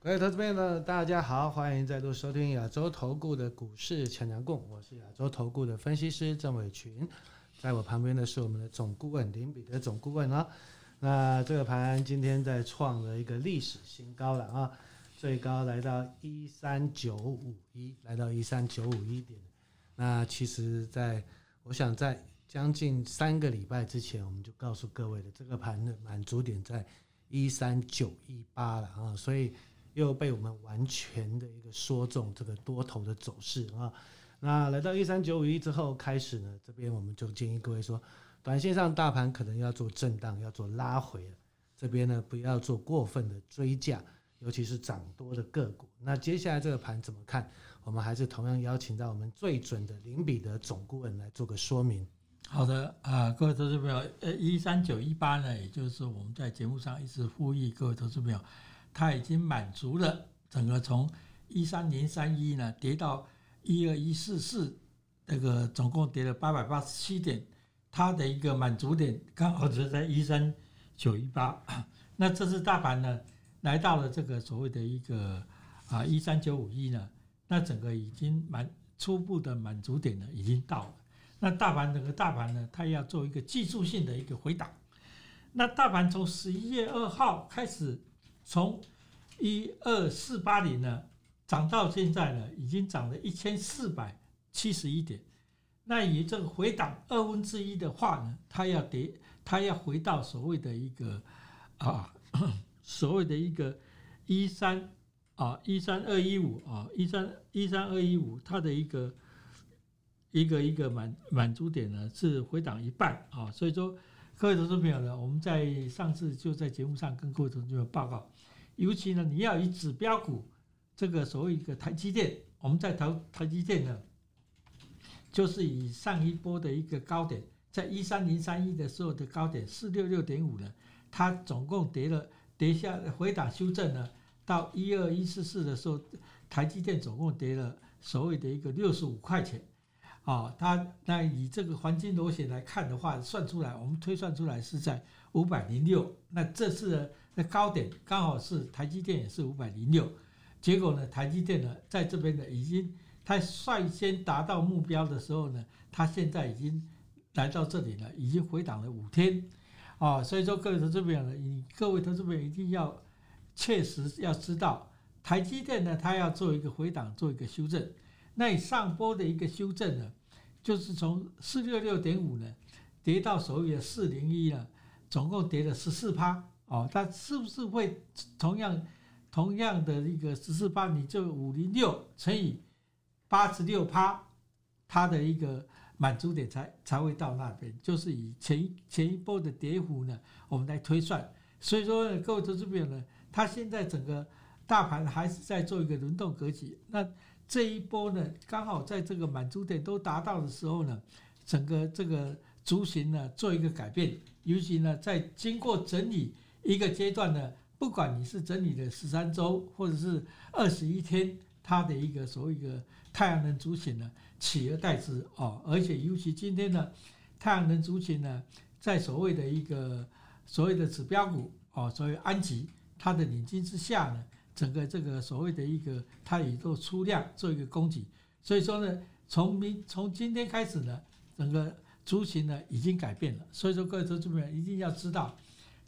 各位投資朋友，大家好，歡迎再度收聽亞洲投顧的股市強強滾，我是亞洲投顧的分析師鄭偉群，在我旁邊的是我們的總顧問林彼得總顧問啊、哦。那這個盤今天再創了一個歷史新高了啊、哦，最高來到一三九五一，來到一三九五一點。那其實在，在我想在將近三個禮拜之前，我們就告訴各位的這個盤的滿足點在一三九一八了啊、哦，所以。又被我們完全的一個說中這個多頭的走勢啊，那來到一三九五一之後開始呢，這邊我們就建議各位說，短線上大盤可能要做震盪，要做拉回了，這邊呢不要做過分的追價，尤其是漲多的個股。那接下來這個盤怎麼看？我們還是同樣邀請到我們最準的林彼得總顧問來做個說明。好的啊，各位投資朋友，呃，一三九一八呢，也就是我們在節目上一直呼籲各位投資朋友。它已經滿足了整個從一三零三一呢跌到一二一四四，那個總共跌了八百八十七點，它的一個滿足點剛好是在一三九一八。那這次大盤呢來到了這個所謂的一個啊一三九五一呢，那整個已經滿初步的滿足點呢已經到了。那大盤整個大盤呢，它要做一個技術性的一個回檔。那大盤從十一月二號開始。從一二四八零呢漲到現在呢，已經漲了一千四百七十一點。那以這個回檔二分之一的話呢，它要跌，它要回到所謂的一個啊，所謂的一個一三啊，一三二一五啊，一三一三二一五，它的一個一個一個滿滿足點呢是回檔一半啊，所以說。各位投資朋友呢，我們在上次就在節目上跟各位投資朋友報告，尤其呢，你要以指標股這個所謂一個台積電，我們在投台，台積電呢，就是以上一波的一個高點，在一三零三一的時候的高點四六六點五呢，它總共跌了跌，下回檔修正呢，到一二一四四的時候，台積電總共跌了所謂的一個六十五塊錢。哦，他那以這個黃金螺旋來看的話，算出來，我們推算出來是在五百零六。那這次呢，的高點剛好是台積電也是五百零六。結果呢，台積電呢，在這邊呢，已經他率先達到目標的時候呢，他現在已經來到這裡了，已經回檔了五天。啊、哦，所以說各位投資者朋友呢，你各位投資者朋友一定要確實要知道，台積電呢，它要做一個回檔，做一個修正。那以上波的一個修正呢，就是從四六六點五呢，跌到所謂的四零一了，總共跌了十四趴哦。它是不是會同樣同樣的一個十四趴？你就五零六乘以八十六趴，它的一個滿足點才才會到那邊。就是以前前一波的跌幅呢，我們來推算。所以說呢，各位投資朋友呢，它現在整個大盤還是在做一個輪動格局。那這一波呢，剛好在這個滿足點都達到的時候呢，整個這個族群呢做一個改變，尤其呢在經過整理一個階段呢，不管你是整理的十三周或者是二十一天，它的一個所謂一個太陽能族群呢取而代之哦，而且尤其今天呢，太陽能族群呢在所謂的一個所謂的指標股哦，所謂安吉它的領軍之下呢。整個這個所謂的一個它也做出量做一個攻擊，所以說呢，從明從今天開始呢，整個族群呢已經改變了。所以說各位投資者一定要知道，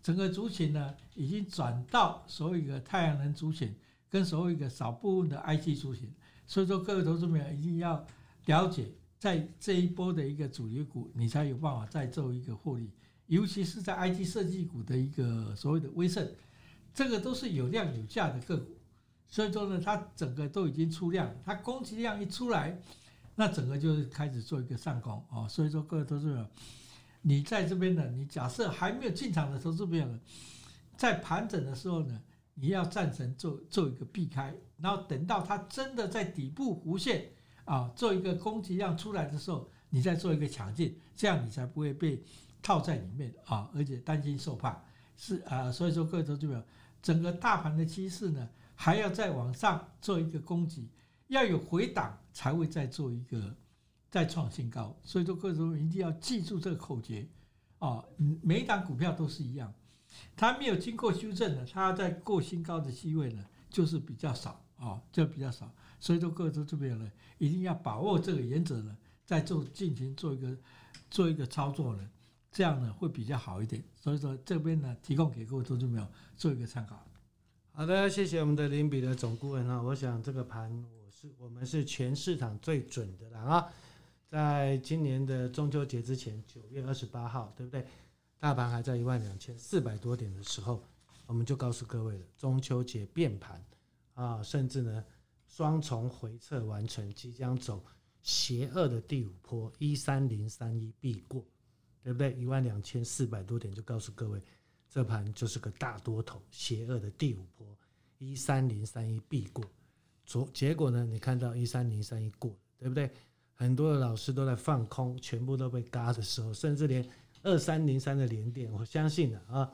整個族群呢已經轉到所謂一個太陽能族群跟所謂一個少部分的 IT 族群。所以說各位投資者一定要了解，在這一波的一個主流股，你才有辦法再做一個獲利，尤其是在 IC 設計股的一個所謂的威盛。這個都是有量有價的個股，所以說呢，它整個都已經出量，它攻擊量一出來，那整個就是開始做一個上攻啊、哦。所以說，各位投資者，你在這邊呢，你假設還沒有進場的投資者，在盤整的時候呢，你要暫時做做一個避開，然後等到它真的在底部弧線啊，做一個攻擊量出來的時候，你再做一個搶進，這樣你才不會被套在裡面啊、哦，而且擔驚受怕是啊、呃。所以說，各位投資者。整個大盤的趨勢呢，還要再往上做一個攻擊，要有回檔才會再做一個再創新高。所以說，各位朋友一定要記住這個口訣啊，每一檔股票都是一樣，它沒有經過修正呢，它在過新高的機會呢就是比較少啊，就比較少。所以說，各位這邊呢一定要把握這個原則呢，再做，進行做一個做一個操作呢。這樣呢會比較好一點，所以說這邊呢提供給各位觀眾朋友做一個參考。好的，謝謝我們的林比的總顧問啊。我想這個盤我是我們是全市場最準的了啊。在今年的中秋節之前，九月二十八號，對不對？大盤還在一萬兩千四百多點的時候，我們就告訴各位了，中秋節變盤啊，甚至呢雙重回撤完成，即將走邪惡的第五波，一三零三一必過。對不對？一萬兩千四百多點，就告訴各位，這盤就是個大多頭，邪惡的第五波，一三零三一必過。昨結果呢，你看到一三零三一過，對不對？很多的老師都在放空，全部都被嘎的時候，甚至連二三零三的聯電，我相信的啊，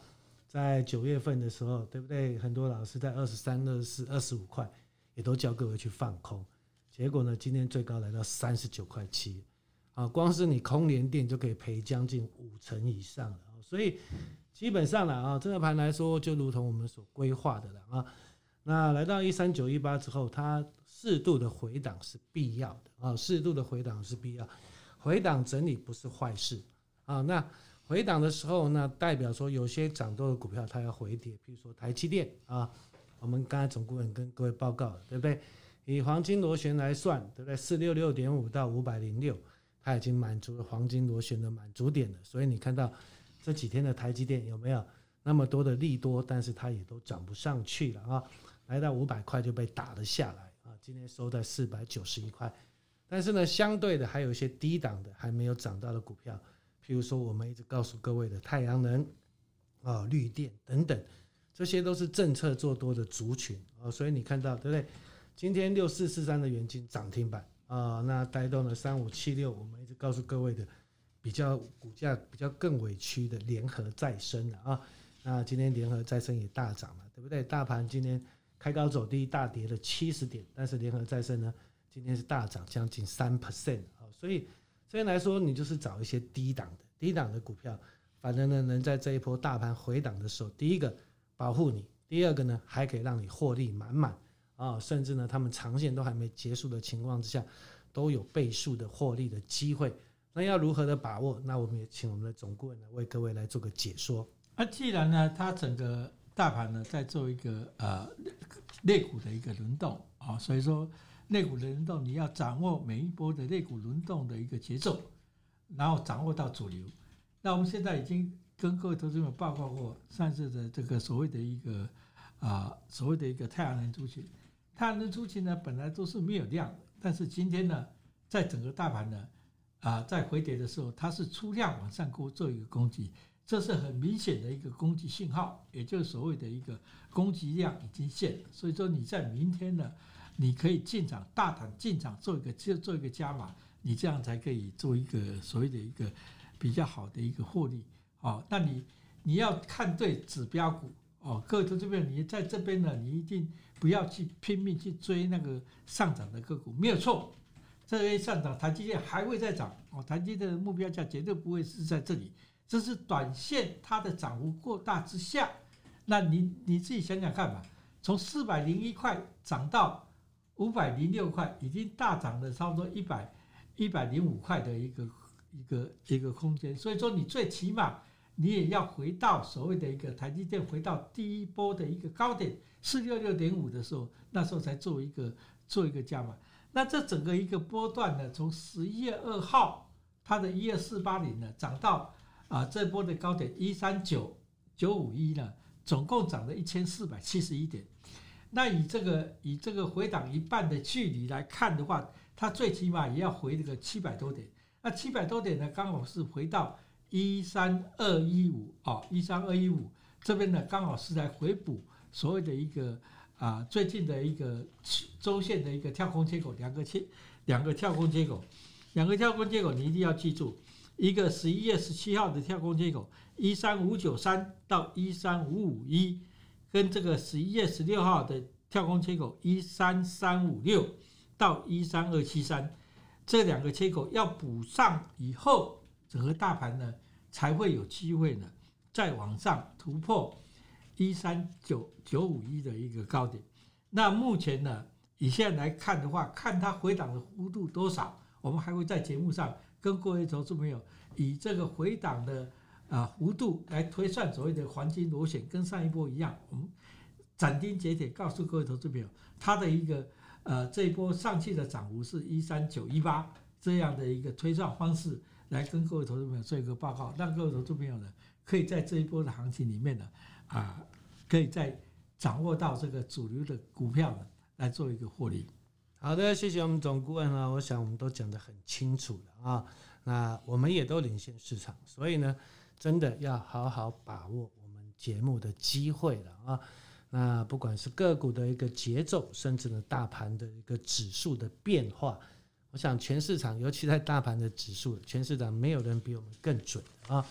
在九月份的時候，對不對？很多老師在二十三、二十四、二十五塊，也都叫各位去放空。結果呢，今天最高來到三十九塊七。啊，光是你空聯電就可以賠將近五成以上了。所以基本上來啊，這個盤來說就如同我們所規劃的了啊。那來到一三九一八之後，它適度的回檔是必要的啊，適度的回檔是必要的，回檔整理不是壞事啊。那回檔的時候呢，那代表說有些漲多的股票它要回跌，比如說台積電啊，我們剛才總顧問跟各位報告了，對不對？以黃金螺旋來算，對不對？四六六點五到五百零六。它已經滿足了黃金螺旋的滿足點了，所以你看到這幾天的台積電有沒有那麼多的利多，但是它也都漲不上去了啊，來到五百塊就被打了下來啊，今天收在四百九十一塊，但是呢，相對的還有一些低檔的還沒有漲到的股票，譬如說我們一直告訴各位的太陽能啊、綠電等等，這些都是政策做多的族群啊，所以你看到對不對？今天六四四三的元晶漲停板。啊、哦，那帶動了三五七六，我們一直告訴各位的比較股價比較更委屈的聯合再生了啊。那今天聯合再生也大漲了，對不對？大盤今天開高走低，大跌了七十點，但是聯合再生呢，今天是大漲將近三 percent 啊，所以所以來說，你就是找一些低檔的低檔的股票，反正呢能在這一波大盤回檔的時候，第一個保護你，第二個呢還可以讓你獲利滿滿。啊、哦，甚至呢，他們長線都還沒結束的情況之下，都有倍數的獲利的機會。那要如何的把握？那我們也請我們的總顧問呢為各位來做個解說。那、啊、既然呢，它整個大盤呢在做一個呃類股的一個輪動啊、哦，所以說類股輪動，你要掌握每一波的類股輪動的一個節奏，然後掌握到主流。那我們現在已經跟各位投資者報告過上次的這個所謂的一個啊、呃、所謂的一個太陽能族群。太陽能出去呢，本來都是沒有量，但是今天呢，在整個大盤呢，啊、呃，在回跌的時候，它是出量往上攻，做一個攻擊，這是很明顯的一個攻擊信號，也就是所謂的一個攻擊量已經現了。所以說你在明天呢，你可以進場大膽進場做一個，就做一個加碼，你這樣才可以做一個所謂的一個比較好的一個獲利。好、哦，那你你要看對指標股。哦，各位在這邊，你在這邊呢，你一定不要去拼命去追那個上漲的個股，沒有錯。這邊上漲，台積電還會再漲。哦，台積電的目標價絕對不會是在這裡，這是短線它的漲幅過大之下。那你你自己想想看吧，從四百零一塊漲到五百零六塊，已經大漲了差不多一百一百零五塊的一個一個一個空間。所以說，你最起碼。你也要回到所謂的一個台積電，回到第一波的一個高點四六六點五的時候，那時候才做一個做一個加碼。那這整個一個波段呢，從十一月二號它的一二四八零呢漲到啊、呃、這波的高點一三九九五一呢，總共漲了一千四百七十一點。那以這個以這個回檔一半的距離來看的話，它最起碼也要回這個七百多點。那七百多點呢，剛好是回到。一三二一五啊，一三二一五這邊呢，剛好是在回補所謂的一個啊最近的一個周線的一個跳空缺口，兩個切兩個跳空缺口，兩個跳空缺口你一定要記住，一個十一月十七號的跳空缺口一三五九三到一三五五一，跟這個十一月十六號的跳空缺口一三三五六到一三二七三，這兩個缺口要補上以後。和大盤呢，才會有機會呢，再往上突破一三九九五一的一個高點。那目前呢，以現在來看的話，看它回檔的幅度多少，我們還會在節目上跟各位投資朋友以這個回檔的啊幅度來推算所謂的黃金螺旋，跟上一波一樣。我們斬釘截鐵告訴各位投資朋友，它的一個呃這一波上去的漲幅是一三九一八這樣的一個推算方式。來跟各位投資朋友做一個報告，讓各位投資朋友呢，可以在這一波的行情裡面呢，啊，可以再掌握到這個主流的股票呢，來做一個獲利。好的，謝謝我們總顧問啊，我想我們都講得很清楚了啊，那我們也都領先市場，所以呢，真的要好好把握我們節目的機會了啊。那不管是個股的一個節奏，甚至呢大盤的一個指數的變化。我想，像全市場，尤其在大盤的指數，全市場沒有人比我們更準啊！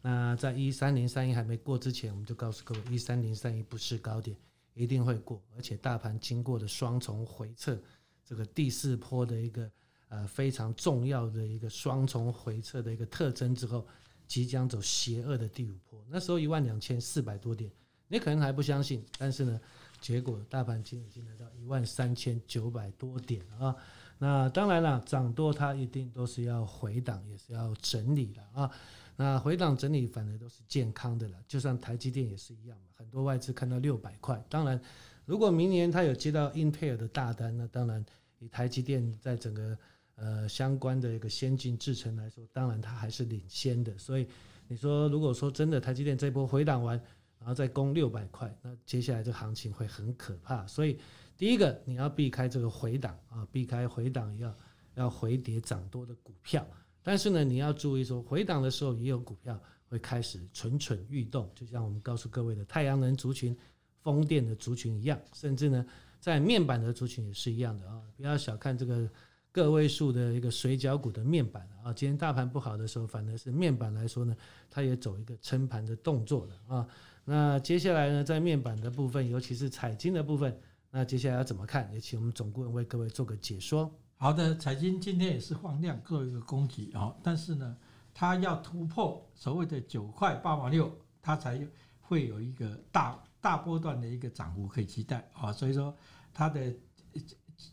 那在一三零三一還沒過之前，我們就告訴各位，一三零三一不是高點，一定會過。而且，大盤經過的雙重回撤，這個第四波的一個呃非常重要的一個雙重回撤的一個特徵之後，即將走邪惡的第五波。那時候一萬兩千四百多點，你可能還不相信，但是呢，結果大盤已經已經來到一萬三千九百多點啊！那當然了，漲多它一定都是要回檔，也是要整理了啊。那回檔整理反而都是健康的了，就像台積電也是一樣嘛。很多外資看到六百塊，當然，如果明年它有接到英特爾的大單，那當然，以台積電在整個呃相關的一個先進製程來說，當然它還是領先的。所以你說，如果說真的台積電這波回檔完，然後再攻六百塊，那接下來這個行情會很可怕。所以。第一個，你要避開這個回檔啊，避開回檔要要回跌漲多的股票，但是呢，你要注意說，回檔的時候也有股票會開始蠢蠢欲動，就像我們告訴各位的太陽能族群、風電的族群一樣，甚至呢，在面板的族群也是一樣的啊、哦，不要小看這個個位數的一個水餃股的面板啊、哦，今天大盤不好的時候，反而是面板來說呢，它也走一個撐盤的動作的啊、哦。那接下來呢，在面板的部分，尤其是彩晶的部分。那接下來要怎麼看？也請我們總顧問為各位做個解說。好的，財經今天也是放量做一個攻擊啊，但是呢，它要突破所謂的九塊八毛六，它才會有一個大大波段的一個漲幅可以期待啊。所以說它的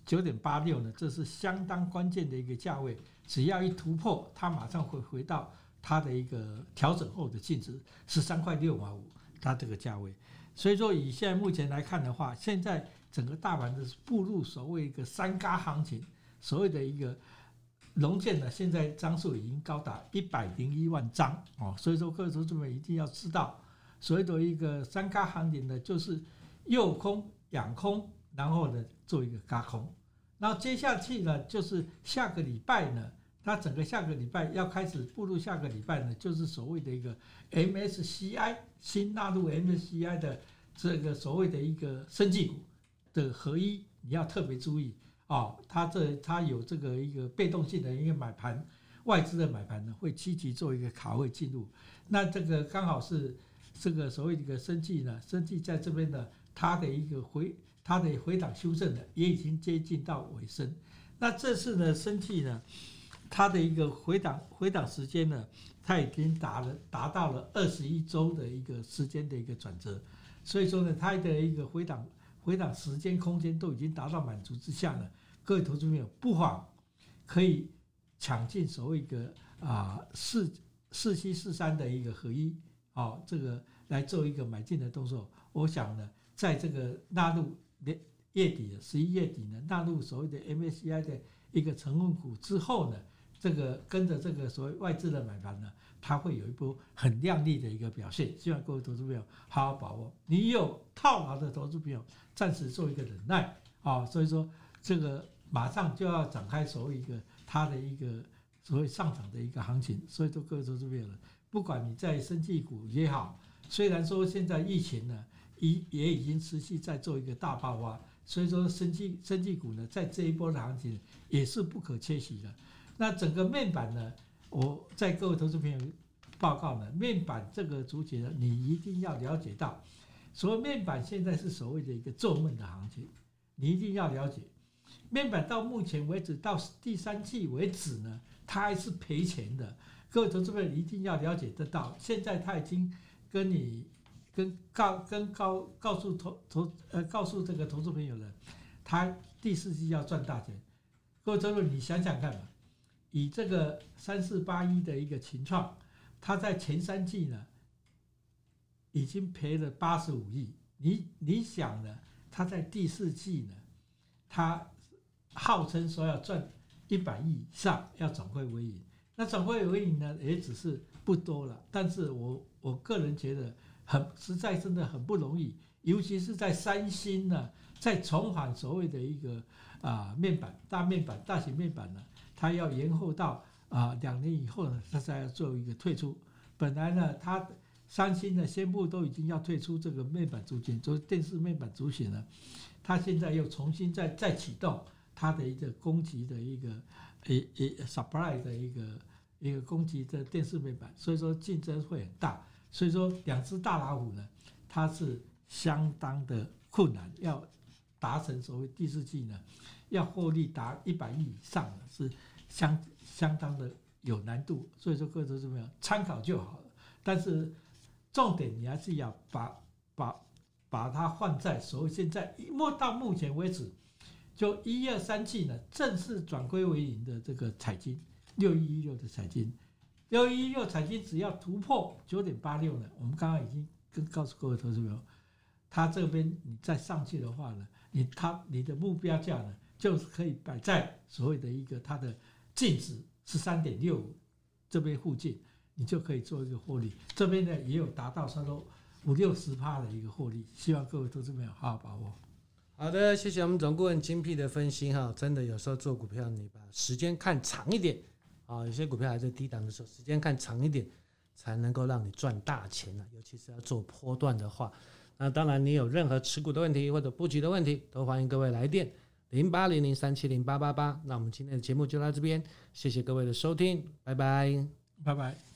九點八六呢，這是相當關鍵的一個價位，只要一突破，它馬上會回到它的一個調整後的淨值十三塊六毛五，它這個價位。所以說以現在目前來看的話，現在。整個大盤呢是步入所謂一個三咖行情，所謂的一個融券呢，現在張數已經高達一百零一萬張哦，所以說各位投資朋友們一定要知道，所謂的一個三咖行情呢，就是誘空、養空、空，然後呢做一個嘎空，那接下去呢就是下個禮拜呢，它整個下個禮拜要開始步入下個禮拜呢，就是所謂的一個 MSCI 新納入 MSCI 的這個所謂的一個生技股。的合一，你要特別注意哦，它這它有這個一個被動性的一個買盤，外資的買盤呢會積極做一個卡位進入，那這個剛好是這個所謂的一個生技呢，生技在這邊呢，它的一個回它的回檔修正呢也已經接近到尾聲，那這次呢生技呢，它的一個回檔回檔時間呢，它已經達了達到了二十一週的一個時間的一個轉折，所以說呢，它的一個回檔。回到時間、空間都已經達到滿足之下呢，各位投資朋友不妨可以搶進所謂一個啊四四七四三的一個合一，啊、哦，這個來做一個買進的動作。我想呢，在這個納入，年月底十一月底呢，納入所謂的 MSCI 的一個成分股之後呢。這個跟着這個所謂外資的買盤呢，它會有一波很亮麗的一個表現。希望各位投資朋友好好把握。你有套牢的投資朋友，暫時做一個忍耐啊。所以說，這個馬上就要展開所謂一個它的一個所謂上漲的一個行情。所以說，各位投資朋友，不管你在生技股也好，雖然說現在疫情呢，也已經持續在做一個大爆發，所以說生技生技股呢，在這一波的行情也是不可缺席的。那整個面板呢？我在各位投資朋友報告呢，面板這個主體呢，你一定要了解到。所謂面板現在是所謂的一個做夢的行情，你一定要了解。面板到目前為止，到第三季為止呢，它還是賠錢的。各位投資朋友一定要了解得到。現在它已經跟你跟，跟告跟告，呃、告訴投投呃告訴這個投資朋友了，它第四季要賺大錢。各位投資朋友，你想想看嘛。以這個三四八一的一個情況，他在前三季呢已經賠了八十五億。你你想呢？他在第四季呢，他號稱說要賺一百億以上，要轉虧為盈，那轉虧為盈呢，也只是不多了。但是我我個人覺得很，很實在，真的很不容易。尤其是在三星呢，在重返所謂的一個啊、呃、面板大面板大型面板呢。他要延後到啊呃、兩年以後呢，他才要做一個退出。本來呢，他三星呢宣布，都已經要退出這個面板組件，做電視面板族群了。他現在又重新再再啟動他的一個供給的一個一一 supply 的一個, A, A, 的一個,一個供給的電視面板，所以說競爭會很大。所以說兩只大老虎呢，它是相當的困難，要達成所謂第四季呢，要獲利達一百億以上是。相相當的有難度，所以說各位投資者朋友參考就好了。但是重點你還是要把把把它放在所謂現在，目到目前為止，就一二三季呢，正式轉歸為盈的這個彩金六一一六的彩金，六一一六彩金只要突破九點八六呢，我們剛剛已經跟告訴各位投資者朋友，它這邊你再上去的話呢，你它你的目標價呢，就是可以擺在所謂的一個它的。淨值十三點六五，這邊附近你就可以做一個獲利。這邊呢也有達到差不多五六十趴的一個獲利。希望各位投資朋友好好把握。好的，謝謝我們總顧問精闢的分析哈、哦，真的有時候做股票你把時間看長一點啊、哦，有些股票還在低檔的時候，時間看長一點才能夠讓你賺大錢、啊、尤其是要做波段的話，那當然你有任何持股的問題或者布局的問題，都歡迎各位來電。零八零零三七零八八八，那我們今天的節目就到這邊，謝謝各位的收聽，拜拜，拜拜。